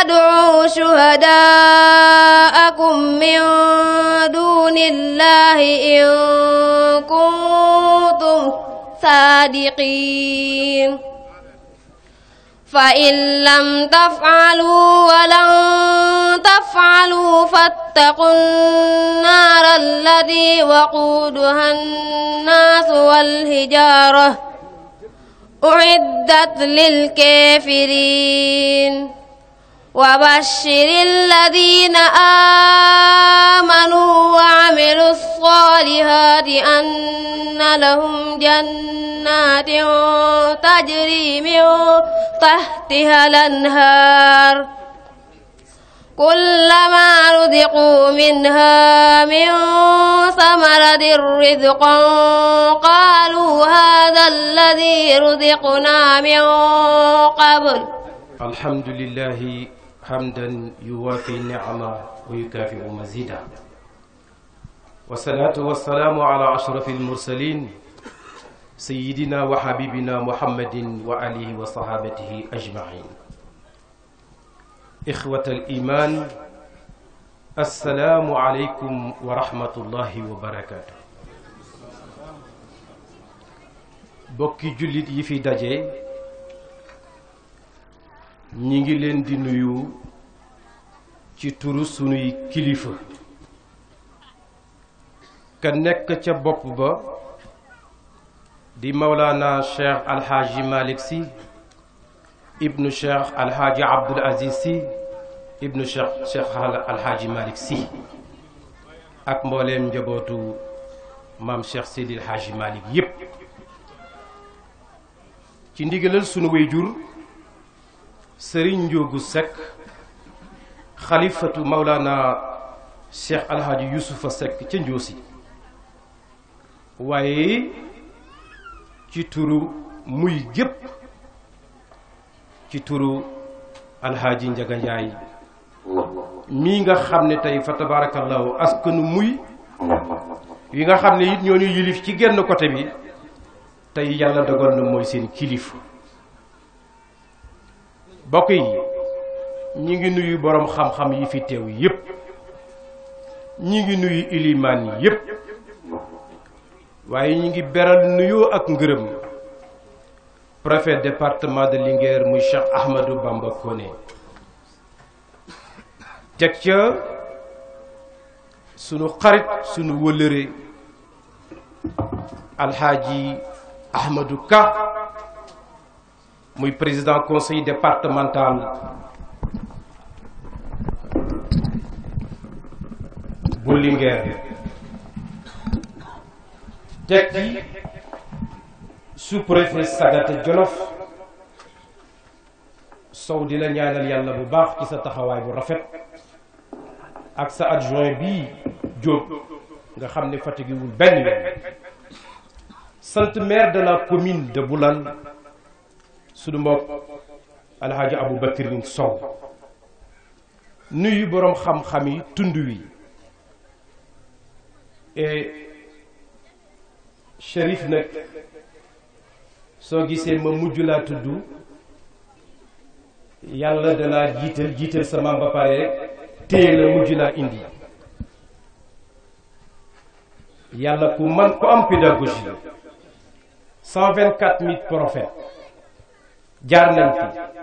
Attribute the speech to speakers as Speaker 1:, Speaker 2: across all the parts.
Speaker 1: فادعوا شهداءكم من دون الله إن كنتم صادقين فإن لم تفعلوا ولن تفعلوا فاتقوا النار الذي وقودها الناس والهجارة أعدت للكافرين وبشر الذين آمنوا وعملوا الصالحات أن لهم جنات تجري من تحتها الأنهار كلما رزقوا منها من ثمرة رزقا قالوا هذا الذي رزقنا من قبل
Speaker 2: الحمد لله حمدا يوافي نعما ويكافئ مزيدا والصلاة والسلام على أشرف المرسلين سيدنا وحبيبنا محمد وآله وصحابته أجمعين إخوة الإيمان السلام عليكم ورحمة الله وبركاته بوكي جلد يفي دجي ñi ngi leen di nuyu ci turu sunuy kilifa ka nekk ca bopp ba di mawlaana cheikh alxaaji malik si ibnu cheikh alxaaji abdul aziz si ibnu cheikh cheikh alxaaji malik si ak mbooleem njabootu maam cheikh seydi alxaaji malik yépp ci ndigalal sunu wéy sëriñ Njoogu Sekk xalifatu Mawlana Cheikh Alhaji Yusufa Sekk ca Njoosi waaye ci turu muy gépp ci turu Alhaji Njaga Njaay nga xam ne tey fa tabaarakallaahu askanu muy yi nga xam ne it ñoo ñu yilif ci genn côté bi tey yàlla dogal na mooy seen kilifa bokk yi ñi ngi nuyu boroom xam-xam yi fi teew yépp ñu ngi nuyu ilimaan yi yépp waaye ñi ngi beral nuyoo ak ngërëm préfet département de Linguère muy Cheikh Ahmadou Bamba Koné teg ca sunu xarit sunu wëllëre alxaaji Ahmadou Ka muy président conseil départemental bu Linguère teg ci sous-préfet Sagata Jolof Sow di la ñaanal yàlla bu baax ci sa taxawaay bu rafet ak sa adjoint bii Diop nga xam ni fatigué wul benn yoon sant maire de commune de Boulane suñu mbokk alxaaji abu bakrin sow nuyu boroom xam-xam yi tund wi e Cherif nag soo gisee ma mujj laa tudd yàlla dalaa jiital jiital sama ba pare téye la mujj laa indi yàlla ku man ku am pédagogie cent vingt-quatre mille prophètes jaar nañ fi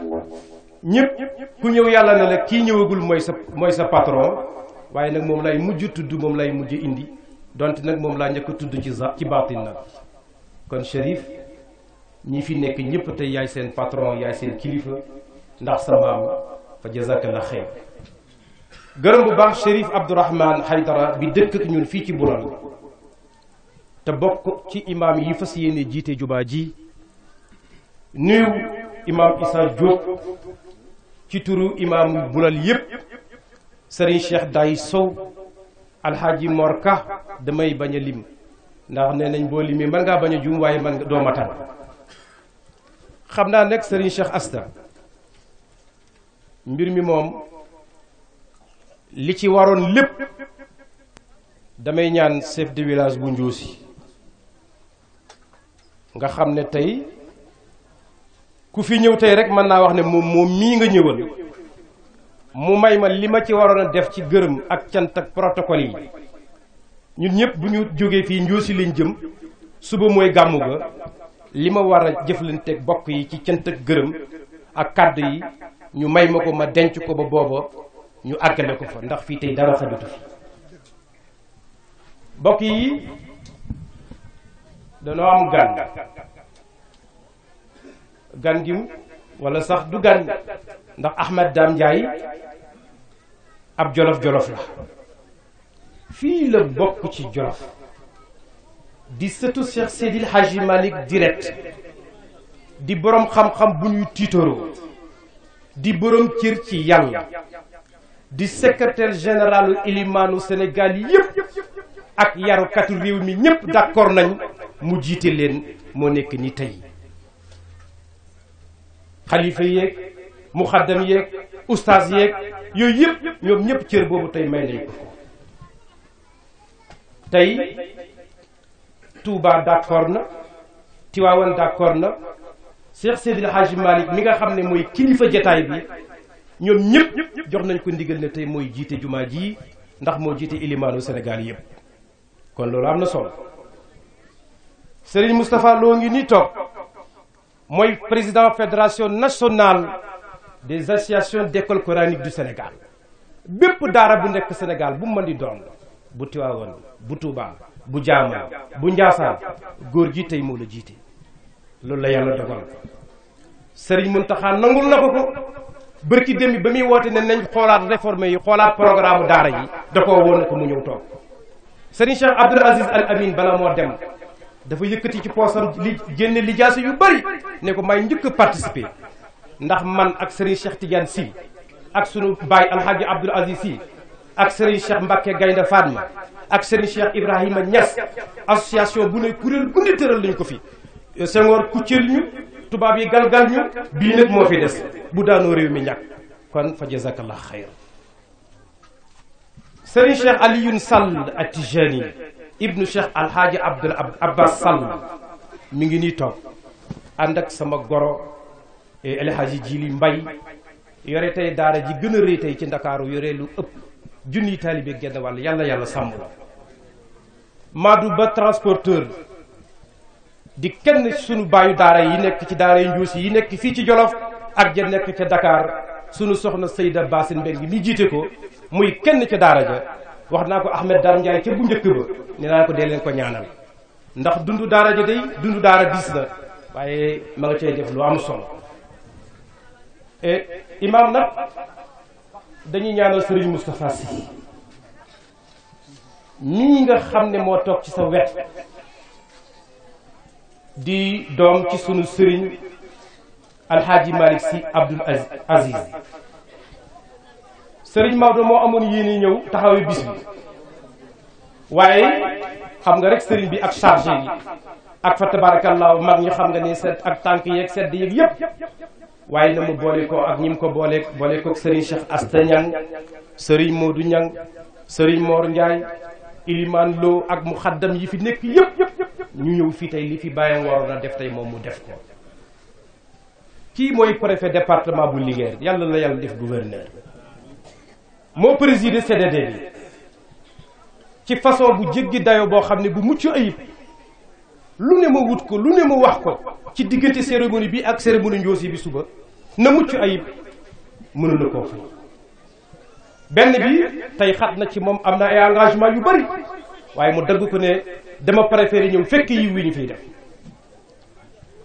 Speaker 2: ñëpp ku ñëw yàlla na la kii ñëwagul mooy sa mooy sa patron waaye nag moom lay mujj tudd moom lay mujj indi dont nag moom laa njëkk tudd ci ci baatin nag kon Chérif ñi fi nekk ñëpp tey yaay seen patron yaay seen kilifa ndax sa maam fa jazakallah xeyr gërëm bu baax Chérif Abdourahmane Haydara bi dëkk ak ñun fii ci Bural te bokk ci imaam yi fas yéene jiite jubaa ji nuyu imaam Issa Diop ci turu imaam bulal yépp sëriñ Cheikh Day Sow alxaaji Morka damay bañ a lim ndax nee nañ boo limee mën ngaa bañ a juum waaye doo matal xam naa nag sëriñ Cheikh Asta mbir mi moom li ci waroon lépp damay ñaan chef de village bu Ndiossi nga xam ne tey ku fi ñëw tey rek mën naa wax ne moom moom mii nga ñëwal mu may ma li ma ci waroon a def ci gërëm ak cant ak protocole yi ñun ñëpp bu ñu jógee fii njoosi lañ jëm suba mooy gàmmu ga li ma war a jëflanteeg bokk yi ci cant ak gërëm ak kàddu yi ñu may ma ko ma denc ko ba booba ñu àggane ko fa ndax fii tey dara xajutu fi bokk yi danoo am gan gan gi wala sax du gan ndax Ahmed Dame Ndiaye ab jolof-jolof la fii la bokk ci jolof di sëtu Cheikh Seydil Hadji Malick direct di boroom xam-xam bu ñuy tiitaroo di boroom cër ci yàlla di secrétaire généralu ilimaanu Sénégal yëpp ak yarukatu réew mi ñëpp d'accord nañ mu jiite leen moo nekk ni tey xalifa yeeg muxaddam yeeg ustaas yeeg yooyu yëpp ñoom ñëpp cër boobu tey may nañ ko tey Touba d'accord na Tiwaawan d'accord na Cheikh Seydil Hadji Malick mi nga xam ne mooy kilifa jataay bi ñoom ñëpp jox nañ ko ndigal ne tey mooy jiite jumaa ji ndax moo jiite ilimaanu Sénégal yëpp kon loolu am na solo Serigne Moustapha loo ngi nii toog mooy président fédération nationale des associations d'école coranique du Sénégal bépp daara bu nekk Sénégal bu mën di doon bu Tiwaawan bu Tuubaa bu Jaamal bu Njaasaan góor gi tey moo la jiite loolu la yàlla dogal mun taxaan nangul na ko ko bërki démb ba muy woote ne nañ xoolaat réforme yi xoolaat programme daara yi da koo woon ko mu ñëw toog Sëriñ Cheikh Abdoul Aziz Al Amin bala moo dem dafa yëkkati ci poosam li génne lijaasa yu bari ne ko may njëkk a ndax man ak Serigne Cheikh Tidiane Sy ak sunu baay Alhaji Abdoul Aziz Sy ak Serigne Cheikh Mbacke Gaynde Fatma ak Serigne Cheikh Ibrahima Niass association bu ne kuréel gu ne tëral lañ ko fi Senghor kucceel ñu tubaab yi galgal ñu bii nag moo fi des bu daanoo réew mi ñàkk kon fa jazakallah xayr Serigne Cheikh Alioune Sall at-Tijani ibnu cheikh alhaaji abdul abbas sall mi ngi nii toog ànd ak sama goro eh, elhaaji jili mbay yore tey daara ji gën a tey ci ndakaaru yore lu ëpp junniy taalibe genn wàll yàlla yàlla sàmm la maadu ba transporteur di kenn sunu baayu daara yi nekk ci daara yu njuus yi nekk fii ci jolof ak ja nekk ca Dakar sunu soxna Seyda Bassine Mbengue mi jiite ko muy kenn ca daara ja wax naa ko Ahmed Dar Ndiaye ca bu njëkk ba ne naa ko dee leen ko ñaanal ndax dundu daara ji day dundu daara diis na waaye ma nga def lu am solo e, imaam nag dañuy ñaanal Serigne Moustapha Sy nii nga xam ne moo toog ci sa wet di doom ci sunu sëriñ Alxaaji Malick Sy Abdoul Aziz Serigne Maodo moo amoon yéene ñëw taxawee bis bi waaye xam nga rek sëriñ bi ak chargé yi ak fa tabaarakallaahu mag ñu xam nga ne set ak tànk yeeg sedd yeeg yëpp waaye na mu boole ko ak ñi ko boole boole ko Serigne Cheikh Asta Niang Serigne Modou Niang Serigne Mor Ndiaye Iliman Lo ak mu xaddam yi fi nekk yëpp ñu ñëw fii tey li fi bàyyam waroon a def tey moom mu def ko. kii mooy préfet département bu Linguère yàlla la yàlla def gouverneur moo présider CDD bi ci façon bu jéggi dayo boo xam ne bu mucc ayib lu ne ma wut ko lu ne ma wax ko ci diggante cérémonie bi ak cérémonie njoosi bi suba na mucc ayib mënu na koo fay benn bi tey xat na ci moom am na ay engagement yu bari waaye mu dagg ko ne dama préféré ñëw fekk yi wi ñu fiy def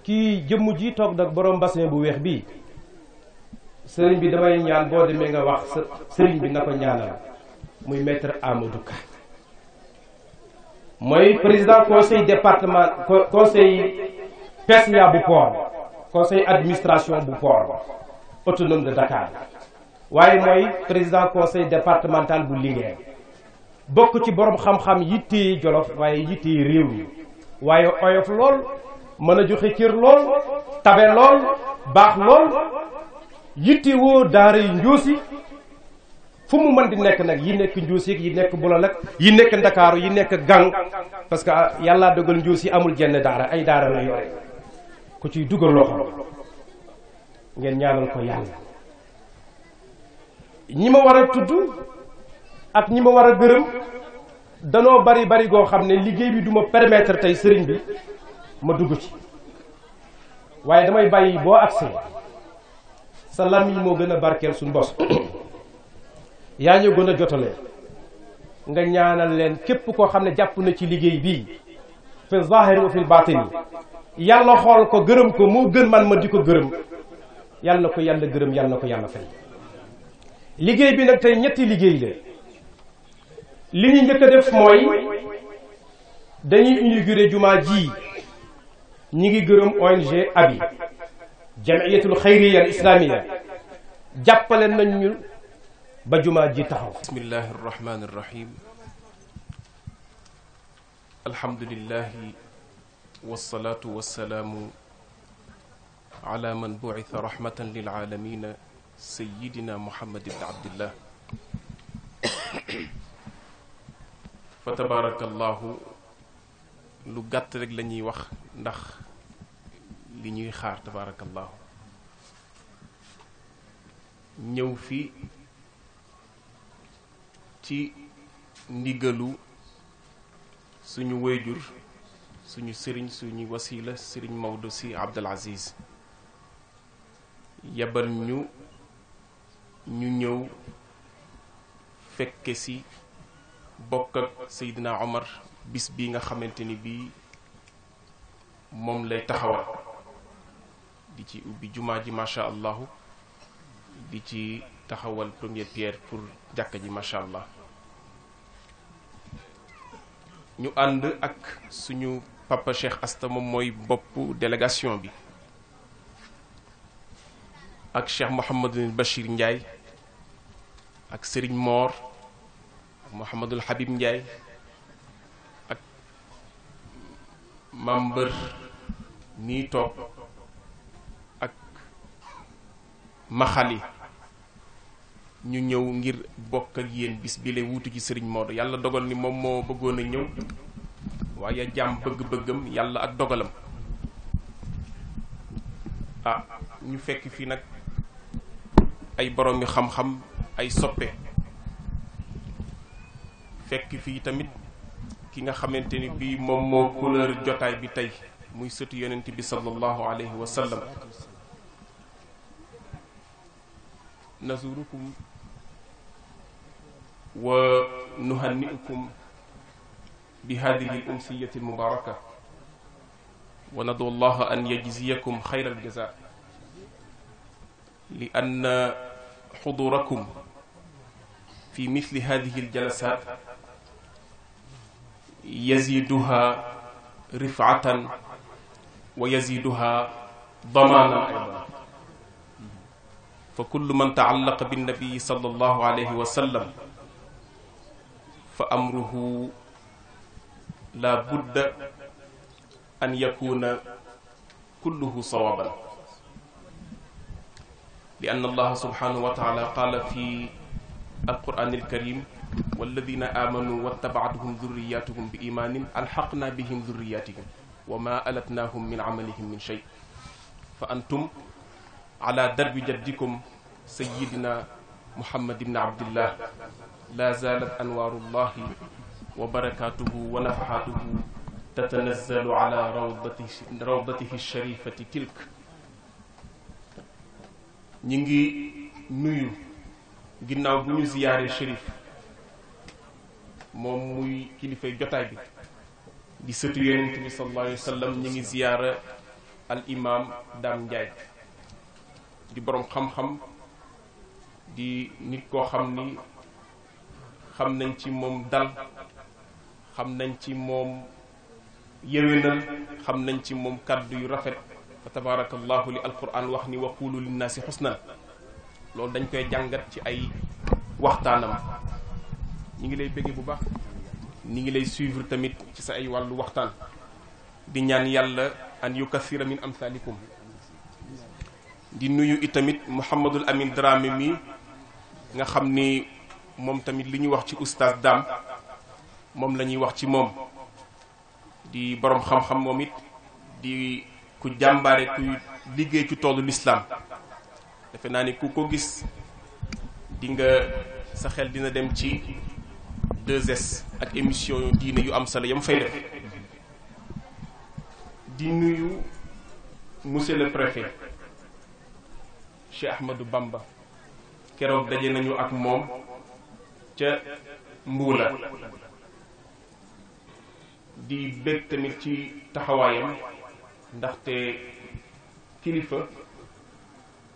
Speaker 2: ki jëmm ji toog nag borom bassin bu weex bii sëriñ bi damay ñaan boo demee nga wax sëriñ bi na ko ñaanal muy maître Amadou Ka mooy président conseil département conseil PESNIA bu port conseil administration bu port autonome de Dakar waaye mooy président conseil départemental bu Linguère bokk ci boroom xam-xam yittee Jolof waaye yittee réew yi waaye oyof lool mën a joxe cër lool tabe lool baax lool yitte woo daara yi njoosi fu mu mën di nekk nag yi nekk njuusi yi nekk Bulol ak yi nekk ndakaaru yi nekk gang parce que ah, yàllaa dogal njuusi amul jenn daara ay daara la yore ku ci dugal loxo ngeen ñaanal ko yàlla ñi ma war a tudd ak ñi ma war a gërëm danoo bari bari goo xam ne liggéey bi duma permettre tey sëriñ bi ma dugg ci waaye damay bàyyi boo accès sa làmmiñ moo gën a barkeel suñ bos yaa ñu gën a jotale nga ñaanal leen képp koo xam ne jàpp na ci liggéey bii fi zahir wa fi yi yàlla xool ko gërëm ko moo gën man ma di ko gërëm yàlla na ko yàlla gërëm yàlla na ko yàlla fay liggéey bi nag tey ñetti liggéey la li ñu njëkk def mooy dañuy inauguré jumaa ji ñi ngi gërëm ONG abi jamiyatul xayriya al islamiya jàppale nañ ñu
Speaker 3: ba jumaa ji taxaw bismillahi arrahmani arrahim alhamdulillahi wasalaatu wasalaamu ala man bucita rahmatan lil aalamiina sayyidina Muhammad ibn Abdillah fa tabaarakallahu lu gàtt rek la ñuy wax ndax bi ñuy xaar tabaarakallaahu ñëw fi ci ndigalu suñu wéyjur suñu sëriñ suñu wasiila sëriñ Maodo si Abdul Aziz yabal ñu ñu ñëw fekke si bokk Seydina Omar bis bi nga xamante ni bii moom lay taxawal di ci ubbi jumaa ji macha allah di ci taxawal première pierre pour jàkka ji macha allah ñu ànd ak suñu papa Cheikh Asta mooy boppu délégation bi ak Cheikh Mouhamadul Bachir Ndiaye ak Serigne Mor ak Mouhamadul Habib Ndiaye ak membre nii toog. maxali ñu ñëw ngir bokk ak yéen bis bi lay wuutu ci sëriñ Moodu yàlla dogal ni moom moo bëggoon a ñëw waaye jaam bëgg-bëggam yàlla ak dogalam ah ñu fekk fii nag ay boroomi xam-xam ay soppe fekk fii tamit ki nga xamante ni bii moom moo couleur jotaay bi tey muy sëtu yonent bi sallallahu alayhi wa nazurukum wa nuhanni'ukum bi hadihi al umsiyati al mubaraka wa nadu allah an yajziyakum xayra al jaza li anna xudurakum fi misli hadihi al jalasat yaziduha rifatan wa yaziduha damanan aydan fa kullu man taallaqa binnabii sallallahu alayhi wa sallam fa amruhu la budda an yakuna kulluhu sawaban li anna allaha subhanahu wa taala qaala fi alqur'ani alkarim walladina amanu wattabaatuhum durriyatuhum bi imaanin alxaqna bihim durriyatihim wa ma alatnahum min amalihim min shay fa antum ala darbi jaddikum sayidina muhammad ibn abdillah la zalat anwaarullahi wa barakaatuhu wa nafaxaatuhu tatanazzalu ala rawdatihi rawdatihi sharifati tilk ñi ngi nuyu ginnaaw bu ñu ziyaaree shérif moom muy kilifay jotaay bi di sëtu yonent bi sallallahu wa sallam ñi ngi ziyaara al imam Dame Ndiaye di boroom xam-xam di nit koo xam ni xam nañ ci moom dal xam nañ ci moom yéwénal xam nañ ci moom kàddu yu rafet fa tabarakallahu li alquran wax ni waqulu linnaasi xusna loolu dañ koy jàngat ci ay waxtaanam ñi ngi lay bëgge bu baax ñi ngi lay suivre tamit ci sa ay wàllu waxtaan di ñaan yàlla an yukathira min amthalikum di nuyu itamit muhammadul amin dramé mi nga xam ni moom tamit li ñuy wax ci oustaz Dame moom lañuy wax ci moom di boroom xam-xam moom it di ku jàmbaare kuy liggéey ci toolu lislaam defe naa ni ku ko gis di nga sa xel dina dem ci 2S ak émission diine yu am solo yam fay def di nuyu monsieur le préfet Cheikh Ahmadou Bamba keroog daje nañu ak moom ca mbuula di bég tamit ci taxawaayam ndaxte kilifa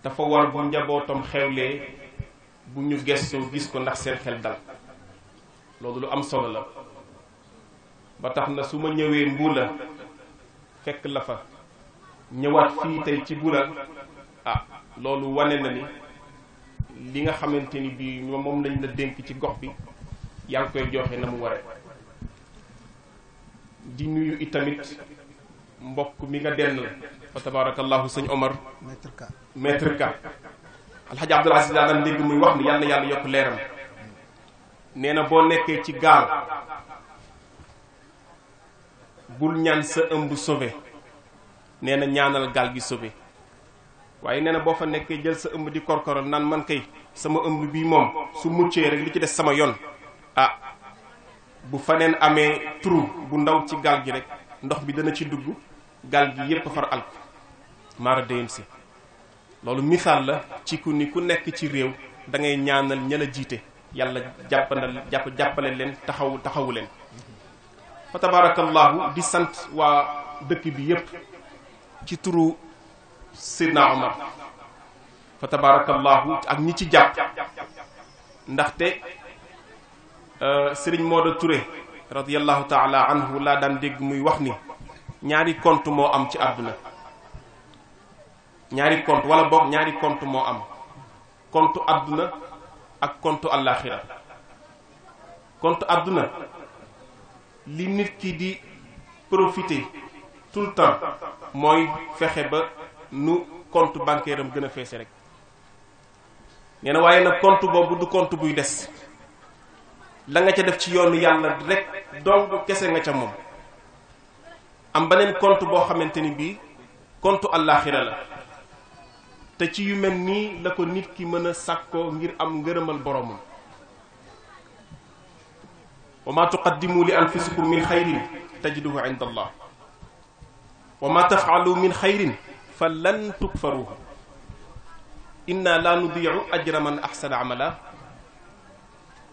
Speaker 3: dafa war bu njabootam xewlee bu ñu gëstu gis ko ndax seen xel dal loolu lu am solo la ba tax na su ma ñëwee mbuula fekk la fa ñëwaat fii tey ci bura ah loolu wane na ni li nga xamante ni bii moom lañ la dénk ci gox bi yaa ngi koy joxe na mu waree di nuyu itamit mbokk mi nga denn la fa tabarakallahu Omar maître ka maître ka alxaji Abdul daa daan dégg muy wax ni yàlla yàlla yokk leeram nee na boo nekkee ci gaal bul ñaan sa ëmb sauvé nee na ñaanal gaal gi sauvé waaye nee na boo fa nekkee jël sa ëmb di korkoral naan man kay sama ëmb bi moom su muccee rek li ci des sama yoon ah bu faneen amee trou bu ndaw ci gaal gi rek ndox bi dana ci dugg gaal gi yépp far alk maara déyam si loolu misaal la ci ku ni ku nekk ci réew dangay ngay ñaanal ña jiite yàlla jàppandal jàpp jàppale leen taxawu taxawu leen fa tabarakallahu di sant waa dëkk bi yépp ci turu sidna omar fa tabarakallahu ak ñi ci jàpp ndaxte euh, sëriñ Mooda Touré radiallahu taala anhu laa daan dégg muy wax ni ñaari compte moo am ci àdduna ñaari compte wala boog ñaari compte moo am compte àdduna ak compte àllaaxira kont àdduna li nit ki di profiter tout le temps mooy fexe ba nu compte bancaire am gën a feese rek nee waaye nag compte boobu du compte buy des la nga ca def ci yoonu yàlla rek donc kese nga ca moom am beneen compte boo xamante ni bii compte àllaaxira la te ci yu mel nii la ko nit ki mën a sàkkoo ngir am ngërëmal boromam wa ma tuqaddimu li anfusikum min xayrin tajiduhu inda ko wa ma tafaalu min xayrin fa lan tukfaruhu inna la nudiicu ajra man axsana amala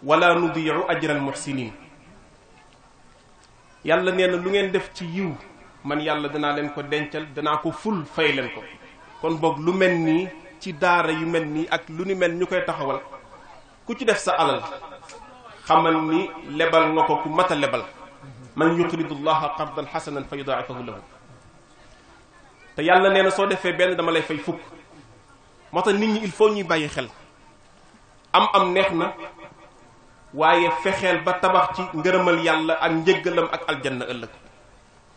Speaker 3: wala nudiicu ajra almuxsinin yàlla nee na lu ngeen def ci yiw man yàlla danaa leen ko dencal danaa ko ful fay leen ko kon boog lu mel nii ci daara yu mel nii ak lu ni mel ñu koy taxawal ku ci def sa alal xamal ni lebal nga ko ku mat lebal man yuqridu llaha qardan xasanan fa yudaaifahu lahu te yàlla nee na soo defee benn dama lay fay fukk moo tax nit ñi il foo ñuy bàyyi xel am am neex na waaye fexeel ba tabax ci ngërëmal yàlla ak njëggalam ak aljanna ëllëg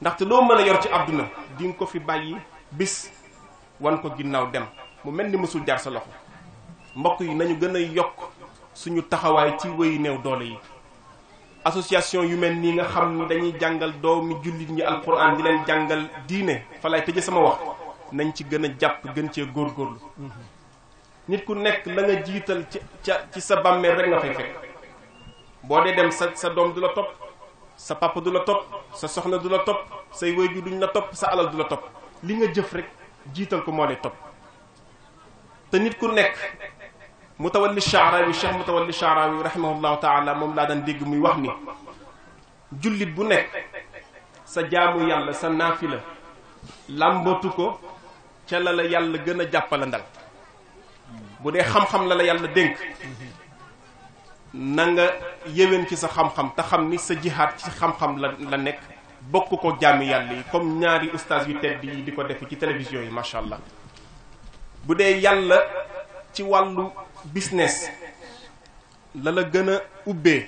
Speaker 3: ndaxte loo mën a yor ci àdduna di ko fi bàyyi bis wan ko ginnaaw dem mu mel ni mësul jaar sa loxo mbokk yi nañu gën a yokk suñu taxawaay ci wéyu néew doole yi association yu mel nii nga xam ni dañuy jàngal doomi jullit ñi alquran di leen jàngal diine fa lay tëje sama wax nañ ci gën a jàpp gën cee góorgóorlu nit ku nekk la nga jiital ci ca ci sa bàmmeel rek nga fay fekk boo dee dem sa sa doom du la topp sa papa du la topp sa soxna du la topp say wéyju duñ la topp sa alal du la topp li nga jëf rek jiital ko moo lay topp te nit ku nekk mutawalli shaarawi cheikh mutawalli shaarawi rahimahullahu taala moom laa daan dégg muy wax ni jullit bu nekk sa jaamu yàlla sa naafila làmbatu ko ca la la yàlla gën a jàppale ndal bu dee xam-xam la la yàlla dénk na nga yéwén ci sa xam-xam te xam ni sa jihaat ci xam-xam la la nekk bokk ko jaami yàlla yi comme ñaari ustaas yu tedd yi di ko def ci télévision yi macha allah bu dee yàlla ci wàllu business la la gën a ubbe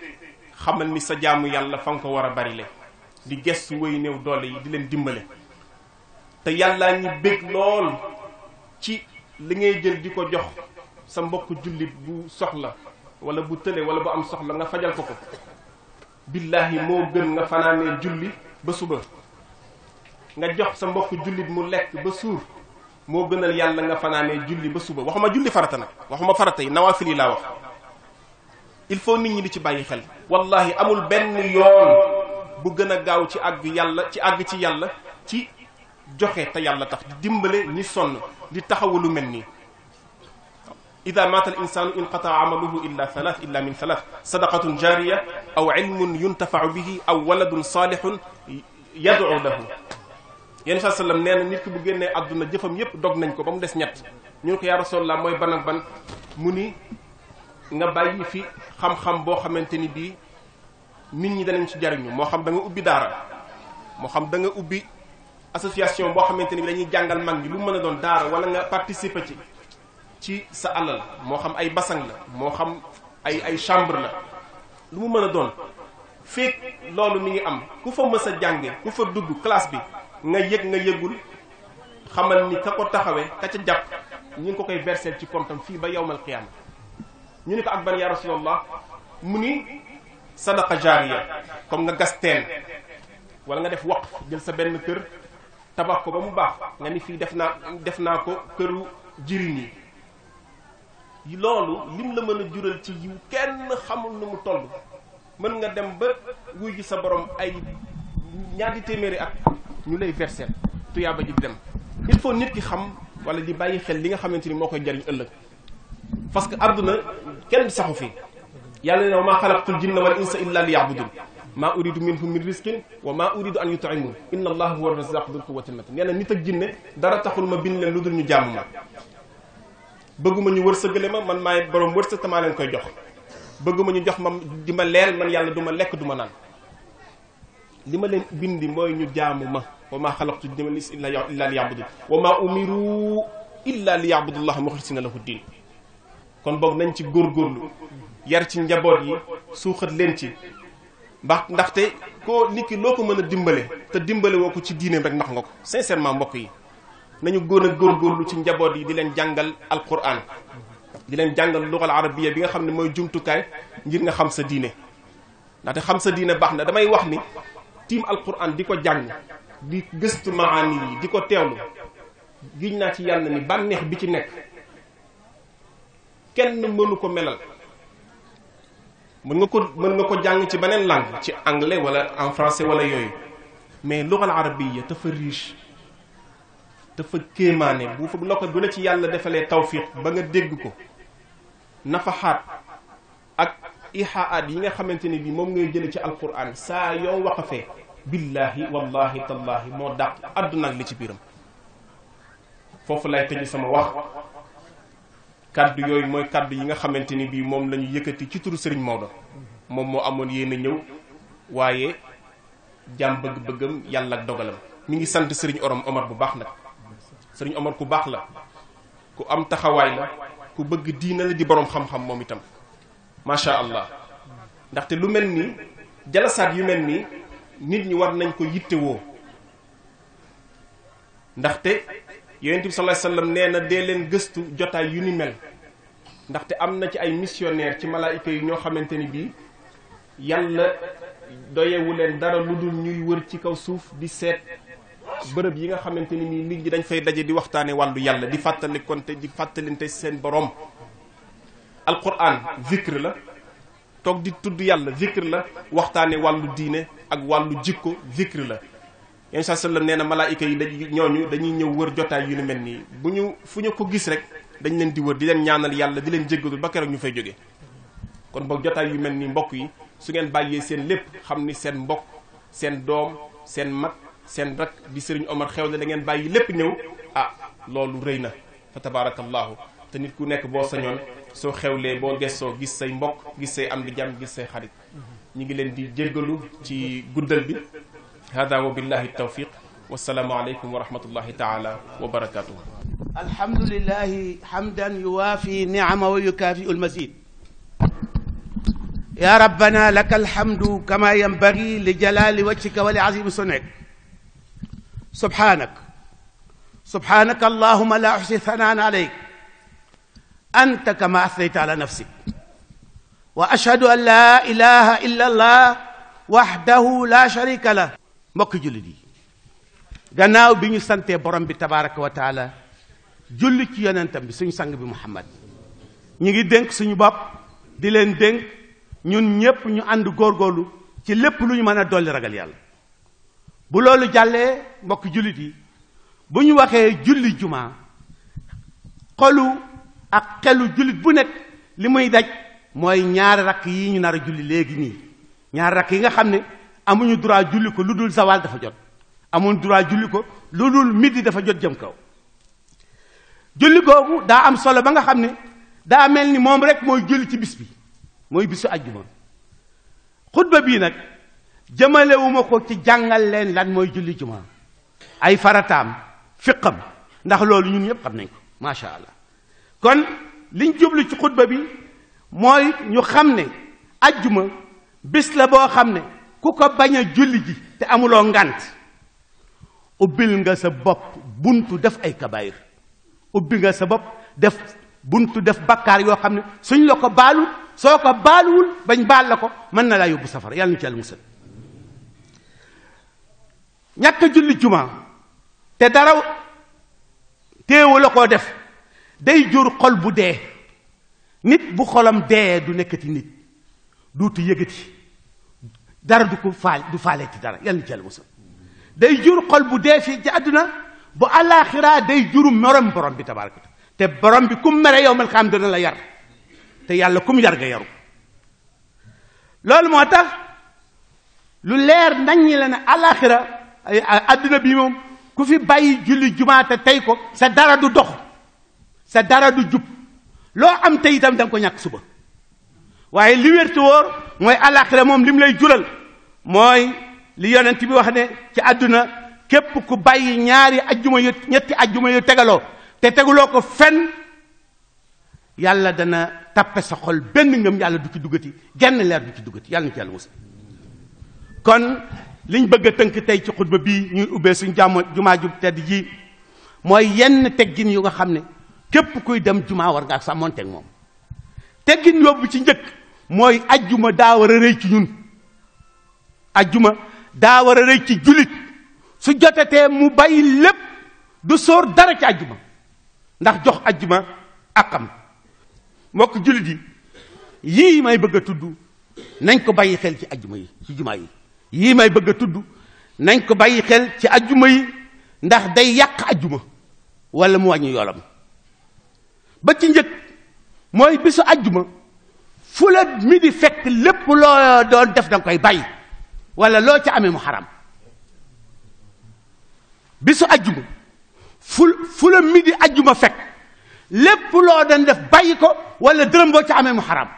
Speaker 3: xamal ni sa jaamu yàlla fa nga ko war a bari le di gestu woyu néew doole yi di leen dimbale te yàlla ñi bég lool ci li ngay jël di ko jox sa mbokk jullit bu soxla wala bu tële wala bu am soxla nga fajal ko ko billaahi moo gën nga fanaanee julli ba suba nga jox sa mbokk jullit mu lekk ba suur moo gën al yàlla nga fanaanee julli ba suba wax ma julli farata nag waxuma farata yi nawaafil yi laa wax il faut nit ñi di ci bàyyi xel wallahi amul benn yoon bu gën a gaaw ci àgg yàlla ci àgg ci yàlla ci joxe te yàlla tax di dimbale ñi sonn di taxawu lu mel nii ida maata al insanu inqataa amaluhu illa thalath illa min thalath sadaqatun jariya aw ilmun yuntafacu bihi aw waladun salihun yadcu lahu yenn saa sallam nee na nit ki bu génnee àdduna jëfam yépp dog nañ ko ba mu des ñett ñu ne ko yaa rasulallah mooy ban ban mu ni nga bàyyi fi xam-xam boo xamante ni bii nit ñi danañ ci jariñu moo xam danga nga ubbi daara moo xam da nga ubbi association boo xamante ni bi dañuy jàngal mag ñi lu mën a doon daara wala nga participer ci ci sa alal moo xam ay basang la moo xam ay ay chambre la lu mu mën a doon fekk loolu mi ngi am ku fa mës a jànge ku fa dudd classe bi nga yëg nga yëgul xamal ni ka ko taxawee ka ca jàpp ñu ngi ko koy versel ci comptam fii ba yowmal qiyaama ñu ni ko ak ban ya rasulallah mu ni sadaqa jaariya
Speaker 4: comme nga gas teen
Speaker 3: wala nga def waqf jël sa benn kër tabax ko ba mu baax nga ni fii def naa def naa ko këru jiriñ yi loolu lim la mën a jural ci yiw kenn xamul nu mu toll mën nga dem ba wuy gi sa boroom ay ñaari téeméeri at ñu lay verser tuyaaba ji di dem il faut nit ki xam wala di bàyyi xel li nga xamante ni moo koy jariñ ëllëg parce que àdduna kenn saxu fii yàlla ne na maa xalaqtul jinna wal insa illa li yaabudun maa uridu minhum min riskin wa maa uridu an yut'imun inna allaha huwa razaqu dul quwwatil matin nee na nit ak jinne dara taxul ma bind leen lu dul ñu jàmm ma bëgguma ñu wërsëgale ma man maay borom wërsëg tamaa leen koy jox bëgguma ñu jox ma di ma leel man yàlla duma lekk du ma naan li ma leen bindi mooy ñu jaamu ma wa maa xalaqtu jinna wal insa illa liya'budun wa maa umiru si liya'budullaha la ko diin kon boog nañ ci góor góorgóorlu yar ci njaboot yi suuxat leen ci mbax ndaxte koo nit loo ko mën a dimbale te dimbale woo ko ci diineem rek nax nga ko sincèrement mbokk yi nañu góor a góorgóorlu ci njaboot yi di leen jàngal alquran di leen jàngal luxal arabiya bi nga xam ne mooy jumtukaay ngir nga xam sa diine ndaxte xam sa diine baax na damay wax ni tiim alquran di ko jàng di gëstu maani yi di ko teewlu giñ naa ci yàlla ni bànneex bi ci nekk kenn mënu ko melal mën nga ko mën nga ko jàng ci beneen langue ci anglais wala en français wala yooyu mais luxal arabiya dafa riche dafa kéemaane bu fa la ko bu la ci yàlla defalee tawfiq ba nga dégg ko nafaxaat ak ixaat yi nga xamante ni bi moom ngay jële ci alquran saa yoo waqafee billaahi wallaahi tallaahi moo dàq àdduna ak li ci biiram foofu lay tëj sama wax kàddu yooyu mooy kàddu yi nga xamante ni bii moom la ñu yëkkati ci turu Serigne Maodo moom moo amoon yéen a ñëw waaye jaam bëgg-bëggam yàlla ak dogalam. mu ngi sant Serigne Orom Omar bu baax nag sëriñ Omar ku baax la ku am taxawaay la ku bëgg diina la di boroom xam-xam moom itam macha allah ndaxte lu mel ni jalasaat yu mel nii. nit ñi war nañ ko yittewoo ndaxte yonent bi sallallahu alayhi nee na dee leen gëstu jotaay yu ni mel ndaxte am na ci ay missionnaire ci malaayika yi ñoo xamante ni bii yàlla doyewu leen dara lu dul ñuy wër ci kaw suuf di seet bërëb yi nga xamante ni nii nit ñi dañ fay daje di waxtaane wàllu yàlla di fàttali konte di fàttalinte seen borom alquran zikr la toog di tudd yàlla zikr la waxtaane wàllu diine ak wàllu jikko zikr la yenn saa sallam nee na malaayika yi dañ ñooñu dañuy ñëw wër jotaay yu ni mel nii bu ñu fu ñu ko gis rek dañu leen di wër di leen ñaanal yàlla di leen jéggalul ba keroog ñu fay jóge kon boog jotaay yu mel nii mbokk yi su ngeen bàyyee seen lépp xam ni seen mbokk seen doom seen mag seen rak di sëriñ Omar xewle da ngeen bàyyi lépp ñëw a ah, loolu rëy na fa tabaarakallaahu te nit ku nekk boo sañoon soo xewlee boo gessoo gis say mbokk gis say am di jàmm gis say xarit ñu ngi leen di jéggalu ci guddal bi hada wa billahi tawfiq wasalaamu aleykum wa rahmatullahi taala wa barakatuhu
Speaker 5: alhamdulilahi hamdan yuwaafi niama wa yukaafi ulmasid ya rabbana laka alhamdu kama yanbaghi li jalali wajhika wa li azimi sunek subhanak subhanaka allahuma la uhsi thanaan aleyk anta kama athnayta ala nafsik wa ashhadu an laa ilaha illa allah wahdahu la sharika la mbokki jullit yi gannaaw bi ñu santee borom bi tabaraka wa taala julli ci yonentam bi suñ sang bi muhammad ñu ngi dénk suñu bopp di leen dénk ñun ñépp ñu ànd góorgóorlu ci lépp lu ñu mën a dolli ragal yàlla bu loolu jàllee mbokki jullit yi bu ñu waxee jullit jumaa xolu ak xelu jullit bu nekk li muy daj mooy ñaari rakk yi ñu nar a julli léegi nii ñaari rakk yi nga xam ne amuñu droit julli ko lu dul zawal dafa jot amuñu droit julli ko lu dul midi dafa jot jëm kaw julli googu daa am solo ba nga xam ne daa mel ni moom rek mooy julli ci bis bi mooy bisu ajjuma xutba bii nag jëmalewuma ko ci jàngal leen lan mooy julli juma ay farataam fiqam ndax loolu ñun ñëpp xam nañ ko macha allah kon liñ jublu ci xutba bi mooy ñu xam ne juma bis la boo xam ne ku ko bañ a julli ji te amuloo ngant ubbil nga sa bopp buntu def ay kabaayir ubbi nga sa bopp def buntu def bakkaar yoo xam ne suñ la ko baalul soo ko baaluwul bañ baal la ko mën na laa yóbbu safara yàlla na ci yàlla musal ñàkk julli juma te dara téewu la koo def day jur xol bu dee nit bu xolam dee du nekkati nit duutu yëgati dara du ko faal du faaleeti dara yàlla na ci musal day jur xol bu dee fii ci àdduna bu àllaaxiraa day juru morom borom bi tabaaraka te borom bi kum mere yow mal xam dana la yar te yàlla kum yar nga yaru loolu moo tax lu leer nañ ñi la ne àllaaxira àdduna bi moom ku fi bàyyi julli jumaata tey ko sa dara du dox sa dara du jub loo am tey itam da ko ñàkk suba waaye li wér wóor mooy àllaaxira moom li mu lay jural mooy li yonent bi wax ne ci àdduna képp ku bàyyi ñaari ajjuma yu ñetti ajjuma yu tegaloo te teguloo ko fenn yàlla dana tappe sa xol benn ngëm yàlla du ci duggati genn leer du ci duggati yàlla na ci yàlla musal kon liñ bëgg a tënk tey ci xutba bii ñuy ubbee suñ jàmm jumaa jub tedd ji mooy yenn teggin yu nga xam ne képp kuy dem jumaa war ngaa sàmmonteeg moom teggin yóbbu ci njëkk mooy ajjuma daa war a rëy ci ñun ajjuma daa war a rëy ci jullit su jotatee mu bàyyi lépp du sóor dara ci ajjuma ndax jox ajjuma akam mbokk jullit yi yii may bëgg a tudd nañ ko bàyyi xel ci ajjuma yi ci jumaa yi yii may bëgg a tudd nañ ko bàyyi xel ci ajjuma yi ndax day yàq ajjuma walla mu wàññi yoolam ba ci njëkk mooy bisu ajjuma fu la mi fekk lépp loo doon def danga koy bay wala loo ca amee mu xaram bisu ajjuma fu fu la mi di ajjuma fekk lépp loo doon def bàyyi ko wala dërëm boo ca amee mu xaram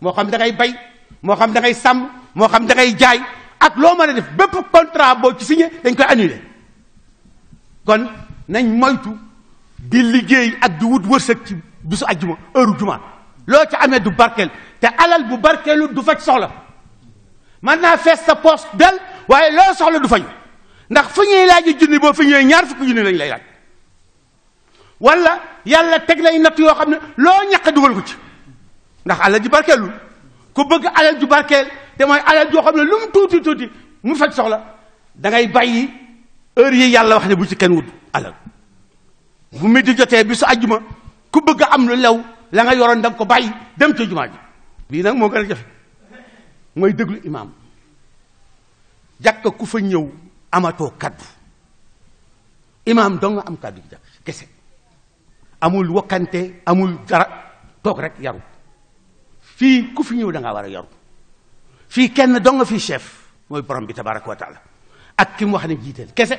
Speaker 5: moo xam da ngay bay moo xam dangay ngay moo xam da ngay jaay ak loo mën a def bépp contrat boo ci signé dañ koy annulé kon nañ moytu di liggéey ak di wut wërsëg ci bisu ajjuma heure juma loo ci amee du barkeel te alal bu barkeelu du faj soxla man naa fees sa poos del waaye loo soxla du faju ndax fu ñuy laaj junni boo fi ñëwee ñaar fukki junni lañ lay laaj wala yàlla teg lay natt yoo xam ne loo ñaq dugal ko ci ndax alal ji barkeelul ku bëgg alal ju barkeel te mooy alal joo xam ne lu mu tuuti tuuti mu faj soxla dangay ngay bàyyi heure yi yàlla wax ne bu ci kenn wut alal bu mi di jotee bi a ajjuma ku bëgg am lu lew la nga yoroon danga ko bàyyi dem ci jumaa ji bii nag moo gën a jafe mooy déglu imaam jàkka ku fa ñëw amatoo kaddu imaam dong am kaddu gi jàkk kese amul wakkante amul dara toog rek yaru fii ku ñëw danga war a yaru fii kenn dong nga fii chef mooy borom bi tabaraka wa taala ak ki wax ne jiiteel kese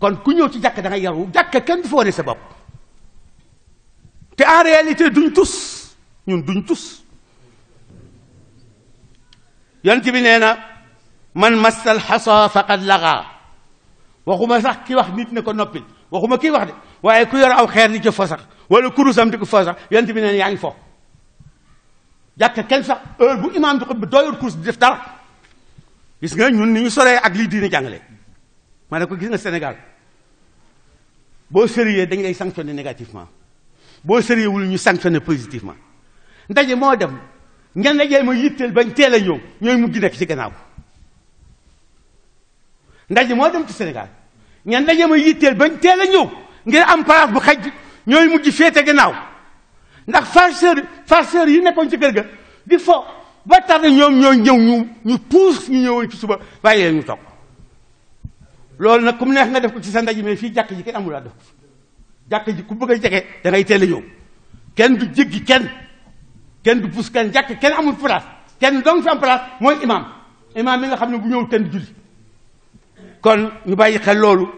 Speaker 5: kon ku ñëw ci jàkk da nga yaru jàkk kenn du fa wane sa bopp te en réalité duñ tus ñun duñ tus yonent bi nee na man massal xasa faqad laga waxuma sax ki wax nit ne ko noppil waxuma kii wax de waaye ku yor aw xeer ni ci fo sax wala kurusam di ko fo sax yonent bi nee na yaa ngi fo jàkk kenn sax heure bu imaam di ko dooyut kurus di def dara gis nga ñun ni ñu soree ak lii diine jàngale ma ne ko gis nga Sénégal boo sérieux dañ lay sanctionner négativement boo sérieux wul ñu sanctionner positivement ndaje moo dem ngeen la jéem a yitteel bañ teel a ñëw ñooy mujj nekk ci gannaaw ndaje moo dem ci Sénégal ñan daje jéem a yitteel bañ teel a ñëw ngir am place bu xaj ñooy mujj féete gannaaw ndax farceur farceur yi nekkoon ci kër ga di fo ba tar na ñoom ñooy ñëw ñu ñu puus ñu ñëwoon ci suba bàyyi leen ñu toog. loolu nag ku neex nga def ko ci sa ndaje mais fii jàkk ji kenn amul laa def jàkk ji ku bëgg a jege da ngay teel kenn du jéggi kenn kenn du pus kenn jàkk kenn amul place kenn dong fi am place mooy imam imam mi nga xam ne bu ñëw kenn julli kon ñu bàyyi xel loolu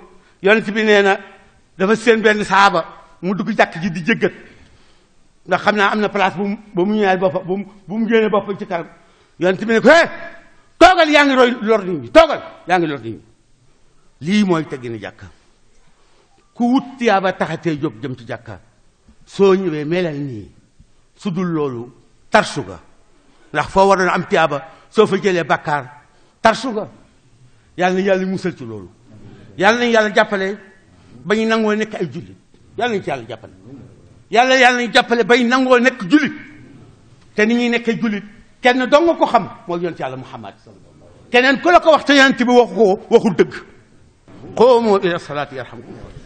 Speaker 5: yonent bi nee na dafa séen benn saaba mu dugg jàkk ji di jéggat ndax xam naa am na place bu mu bu mu ñëwee boppam bu mu bu mu génnee boppam ci kanam yonent bi ne ko eh toogal yaa toogal yaa ngi lii mooy tegginu jàkka ku wut tiyaaba taxatee jóg jëm ci jàkka soo ñëwee melal nii su dul loolu tarsu nga ndax foo waroon am tiyaaba soo fa jëlee bàkkaar tarsu nga yàlla na yàlla musal ci loolu yàlla nañ yàlla jàppale ba ñu nangoo nekk ay jullit yàlla ci yàlla jàppale yàlla yàlla nañ jàppale bay nangoo nekk jullit te ni ñuy nekkee jullit kenn dong ko xam mooy yonent yàlla Muhammad keneen ku la ko wax te yonent bi waxu ko waxul dëgg qumu ila salaati yarhamkumullah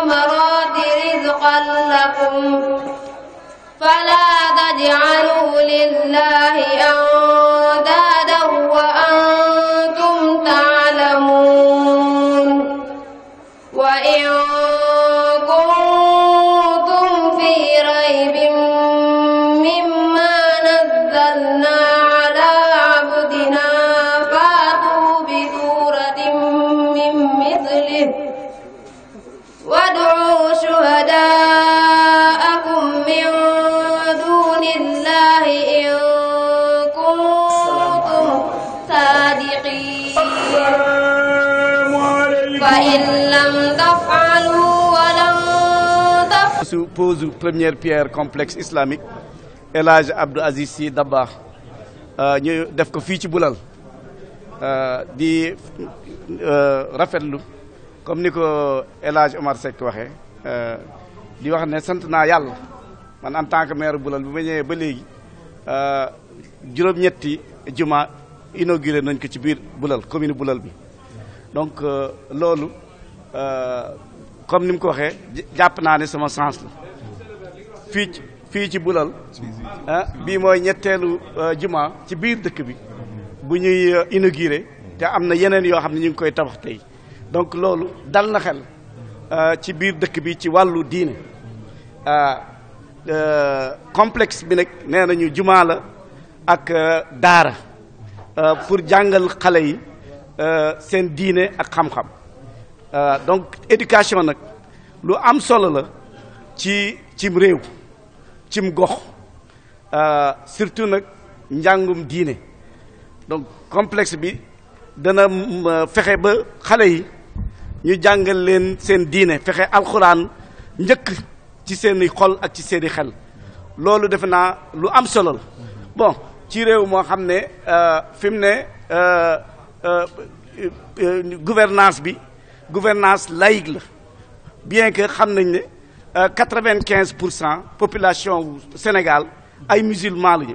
Speaker 1: الثمرات رزقا لكم فلا تجعلوا لله
Speaker 6: pose première pierre complexe islamique El Hadj Abdou Aziz Sy Dabakh euh, ñu def ko fii ci Bulal euh, di euh, rafetlu comme ni ko El Hadj Omar Seck waxee di wax ne sant naa yàlla man tant que maire Bulal bu ma ñëwee ba léegi juróom-ñetti juma inauguré nañ ko ci biir Bulal commune Bulal bi donc loolu comme ni mu ko waxee jàpp naa ne sama sens la fii fii ci Bulal ah bii mooy ñetteelu euh, jumaa ci biir dëkk bi bu ñuy euh, inauguré te am na yeneen yoo xam ne ñu ngi koy tabax tey donc loolu dal na xel euh, ci biir dëkk bi ci wàllu diine ah, complexe bi nag nee nañu jumaa la ak daara pour jàngal xale yi seen diine ak xam-xam donc éducation nag lu am solo la ci cim réew cim gox euh, surtout nag njàngum diine donc complexe bi dana euh, fexe ba xale yi ñu jàngal leen seen diine fexe alxuraan njëkk ci seeni xol ak ci seeni xel loolu defe naa lu am solo la bon ci réew moo xam ne euh, fi mu ne gouvernance bi gouvernance laïque la bien que xam nañ ne Euh, quatre-vingt-quinze pour cent population wu Sénégal ay musulmans lañu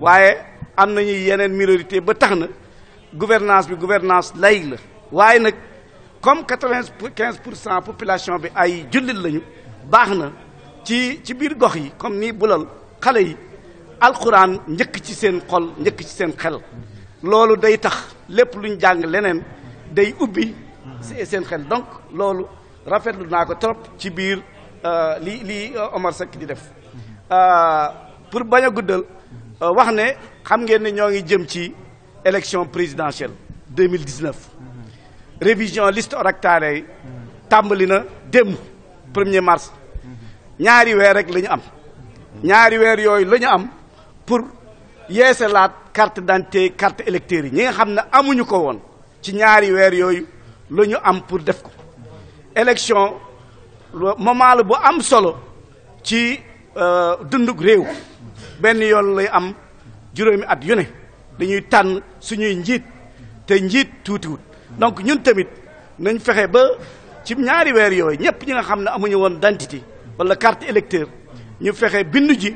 Speaker 6: waaye am nañu yeneen minorité ba tax na gouvernance bi gouvernance laïque la waaye nag comme quatre-vingt-quinze pour cent population bi ay jullit lañu baax na ci ci biir gox yi comme nii bulal xale yi alxuraan njëkk ci seen xol njëkk ci seen xel loolu day tax lépp luñ jàng leneen day ubbi seen xel donc loolu rafetlu naa ko trop ci biir Euh, lii lii euh, Omar Seck di def euh, pour bañ a guddal wax ne xam ngeen ne ñoo ngi jëm ci élection présidentielle 2019 révision liste électorale yi tàmbali na démb premier mars ñaari weer rek la ñu am ñaari weer yooyu lañu am pour yeesalaat carte d'identité carte électeur yi ñi nga xam ne amuñu ko woon ci ñaari weer yooyu la ñu am pour def ko élection moment la bu am solo ci euh, dundug réew benn yoon lay am juróomi at yu ne dañuy tànn suñuy njiit te njiit tuutiwut donc ñun tamit nañ fexe ba ci ñaari weer yooyu ñëpp ñi nga xam ne amuñu woon d'identité walla carte électeur ñu fexe bindu ji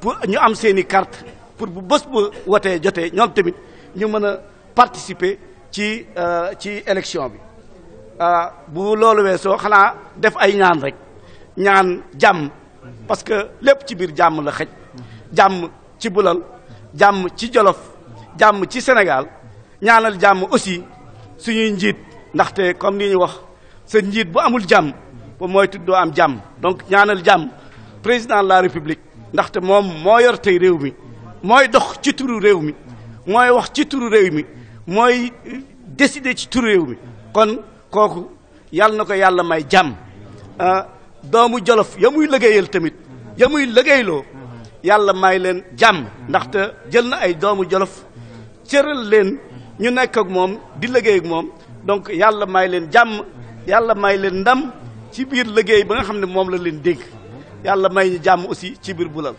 Speaker 6: pour ñu am seeni carte pour bu bës bu wotee jotee ñoom tamit ñu mën a participer ci euh, ci élection bi Euh, bu loolu weesoo xanaa def ay ñaan rek ñaan jàmm parce que lépp ci biir jàmm la xëj jàmm ci bulal jàmm ci jolof jàmm ci Sénégal ñaanal jàmm aussi suñuy njiit ndaxte comme ni ñu wax sa njiit bu amul jàmm ba mooy tuddoo am jàmm donc ñaanal jàmm président la république ndaxte moom moo yor réew mi mooy dox ci turu réew mi mooy wax ci turu réew mi mooy décider ci turu réew mi kon kooku yàlla na ko yàlla may jàmm ah, doomu jolof ya muy liggéeyal tamit ya muy liggéeyloo yàlla may leen jàmm ndaxte jël na ay doomu jolof cëral leen ñu nekk ak moom di liggéey ak moom donc yàlla may leen jàmm yàlla may leen ndam ci biir liggéey ba nga xam ne moom la leen dégg yàlla may ñu jàmm aussi ci biir bulal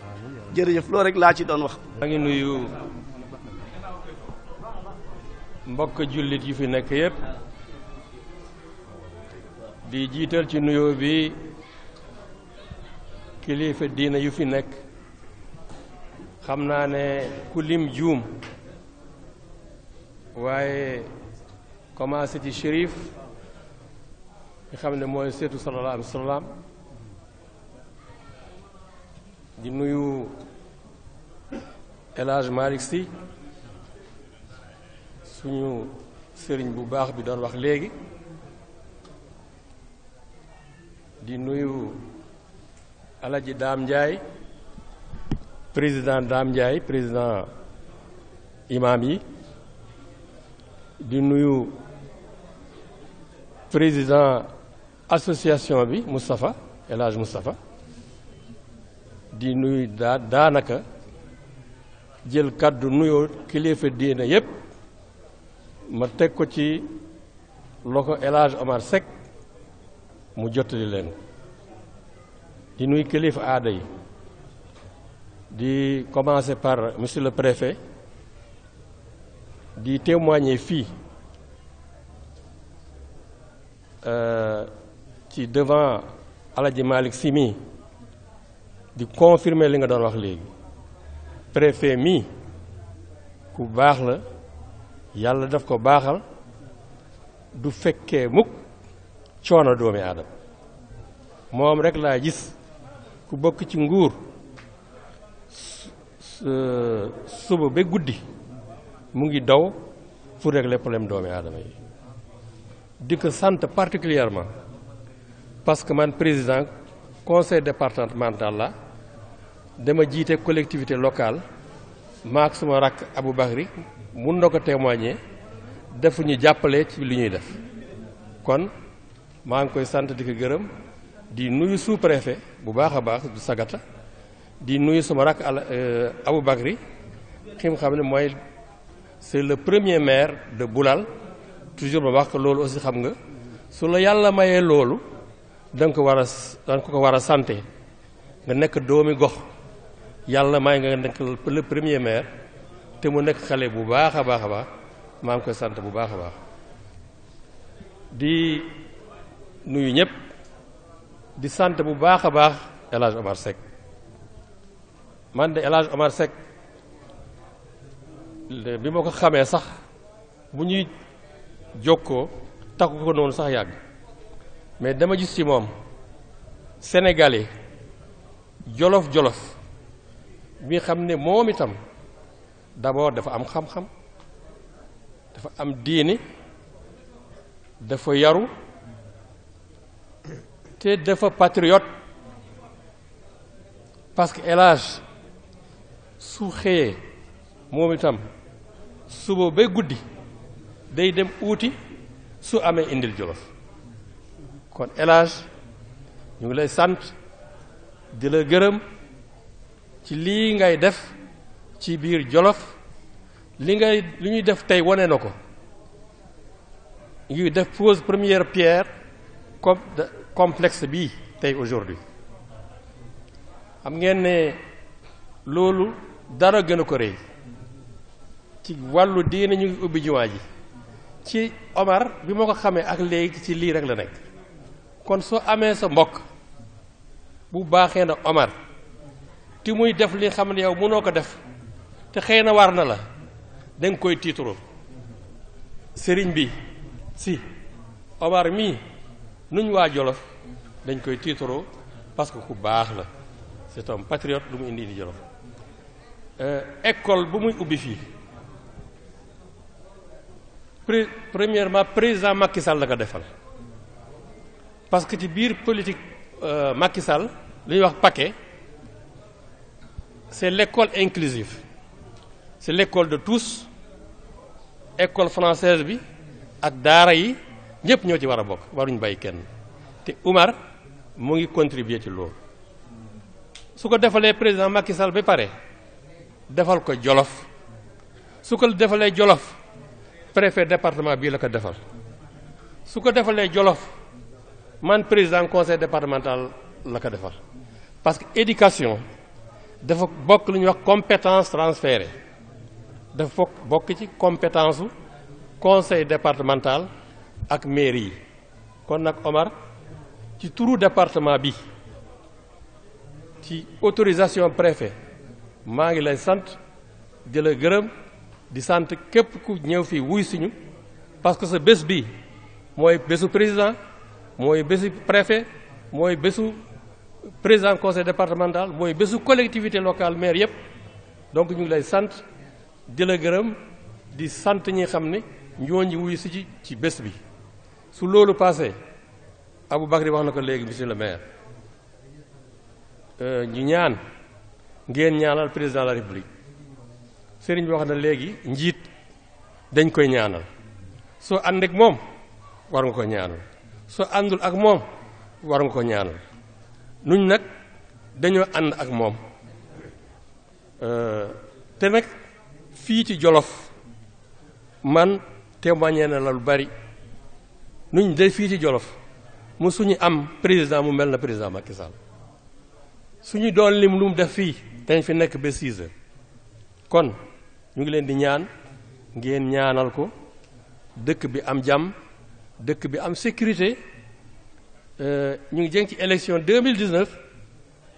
Speaker 6: jërëjëf loolu rek laa ci doon wax. maa ngi nuyu mbokk
Speaker 7: jullit yu fi nekk yépp di jiital ci nuyoo bi kilifa diina yu fi nekk xam naa ne ku juum waaye commencé ci shérif nga xam ne mooy seetu sallallahu alayhi wa sallam di nuyu El Hadj Malick suñu sëriñ bu baax bi doon wax léegi di nuyu alaji Daam Ndiaye président Daam Ndiaye président imam yi di nuyu président association bi Moustapha El Hadj di nuyu daa daanaka jël kàddu nuyoo kilifa diine yépp ma teg ko ci loxo El Hadj Omar Seck mu jottali leen di nuy kilifa aada yi di commencé par monsieur le préfet di témoigner fii euh, ci devant Alaji Malick Sy mii di confirmer li nga doon wax léegi préfet mii ku baax la yàlla def ko baaxal du fekkee mukk coono doomi aadama moom rek laa gis ku bokk ci nguur suba ba guddi mu ngi dow pour régler problème doomi aadama yi di ko sant particulièrement parce que man président conseil départemental la dama jiite collectivité locale maak suma rakk Abou Bakri mun na ko témoigner dafa ñu jàppale ci lu ñuy def kon maa ngi koy sant di ko gërëm di nuyu sous préfet bu baax a baax du sagata di nuyu sama rakk al euh, abu Bakri xim xam ne mooy c'est le premier maire de Boulal toujours ba wax ko loolu aussi xam nga su la yàlla mayee loolu da ko war a da nga ko war a santé nga nekk doomi gox yàlla may nga nekk le premier maire te mu nekk xale bu baax a baax a baax maa ngi koy sant bu baax a baax di nuyu ñëpp di sant bu baax a baax El Omar Seck man de El Hadj Omar Seck bi ma ko xamee sax bu ñuy jokkoo takku ko noonu sax yàgg mais dama gis ci moom Sénégalais jolof jolof bi xam ne moom itam d'abord dafa am xam-xam dafa am diini dafa yaru. te dafa patriote parce que El su xëyee moom itam suba ba guddi day dem uuti su amee indil Jolof kon El ñu ngi lay sant di la gërëm ci lii ngay def ci biir Jolof li ngay li ñuy def tey wane na ko ñuy def pose première pierre comme complexe bi tey aujourd'hui xam ngeen ne loolu dara gën a ko rëy ci wàllu diine ñu ngi ubbi jumaa ji ci Omar bi ma ko xamee ak léegi ci lii rek la nekk kon soo amee sa mbokk bu baaxee na Omar ti muy def li xam ne yow mënoo ko def te xëy na war na la da koy tiituroo sëriñ bi si Omar mii nuñ waa Jolof dañ koy tiitaroo parce que ku baax la c'est un patriote lu mu indi indi Jolof ecole euh, bu muy ubbi fii pré premièrement président Macky Sall la ko defal parce que ci biir politique euh, Macky Sall lu wax pake c'est lekkool inclusive c'est lekkool de tous école française bi ak daara yi ñëpp ñoo ci war a bokk waruñ bàyyi kenn te Umar mu ngi contribuer ci loolu su ko defalee président Macky Sall ba pare defal ko Jolof su ko defalee Jolof préfet département bii la ko defal su ko defalee Jolof man président conseil départemental la ko defal parce que éducation dafa bokk lu ñuy wax compétence transférée dafa bokk ci compétence su conseil départemental ak maire yi kon nag Omar ci turu département bi ci autorisation préfet maa ngi lay sant di la gërëm di sant képp ku ñëw fii wuy suñu parce que sa bés bi mooy bésu président mooy bésu préfet mooy bésu président conseil départemental mooy bésu collectivité locale maire yëpp donc ñu ngi lay sant di la gërëm di sant ñi xam ni ñooñu wuy si ci bés bi su loolu passé Abou Bakri wax na ko léegi monsieur le maire euh, ñu ñaan ngeen ñaanal président de la république sëriñ bi wax na léegi njiit dañ koy ñaanal soo àndeek moom war nga ko ñaanal soo àndul ak moom war nga ko ñaanal nuñ nag dañoo ànd ak moom euh, te nag fii ci Jolof man témoigné na la lu bari nuñ de fii ci Jolof mu suñu am président mu mel na président Macky suñu doon lim lu mu def fii dañ fi nekk ba 6 heures kon ñu ngi leen di ñaan ngeen ñaanal ko dëkk bi am jàmm dëkk bi am sécurité euh, ñu ngi jëm ci élection 2019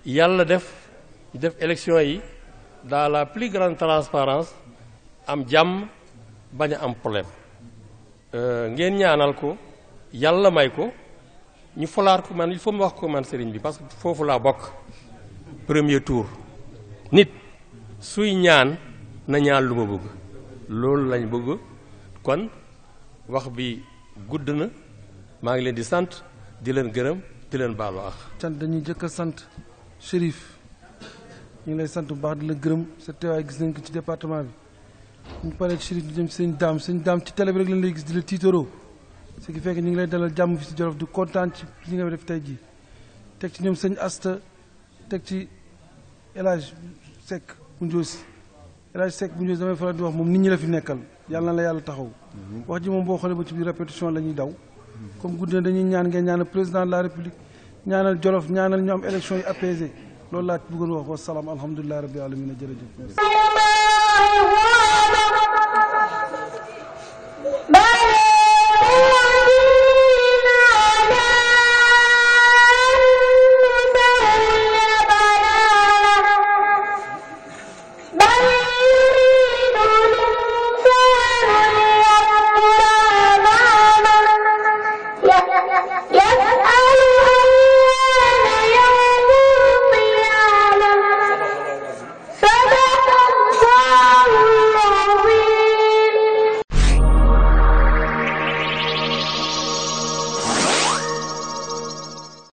Speaker 7: yàlla def ñu def élection yi dans la plus grande transparence am jàmm bañ a am problème euh, ngeen ñaanal ko yàlla may ko ñu folaar ko man il mu wax ko man sëriñ bi parce que foofu laa bokk premier tour nit suy ñaan na ñaan lu ma bëgg loolu lañu bëgg kon wax bi gudd na maa ngi leen di sant di leen gërëm di leen baalu ak sant dañuy
Speaker 2: jëkk sant Chérif ñu ngi lay sant bu baax di la gërëm sa teewaay gis nañ ko ci département bi ñu paree Chérif ñu jëm sëñ daam sëñ daam ci télé bi rek lañ lay gis di la tiitaroo ce qui fait que ngi lay dalal jàmm fi si Jolof di kontaan ci li nga def tey jii teg ci ñoom sëñ Asta teg ci El Hadj Seck bu Ndiosi El Hadj di wax moom nit ñi la fi nekkal yàlla na la yàlla taxaw mhm. wax ji moom boo xoolee ba ci biir répétition la ñuy daw comme guddina dañuy ñaan ngeen ñaanal président de la république ñaanal Jolof ñaanal ñu am élection yi apaisé loolu laa bëggoon wax wa salaam alhamdulilah rabbil alamin a jërëjëf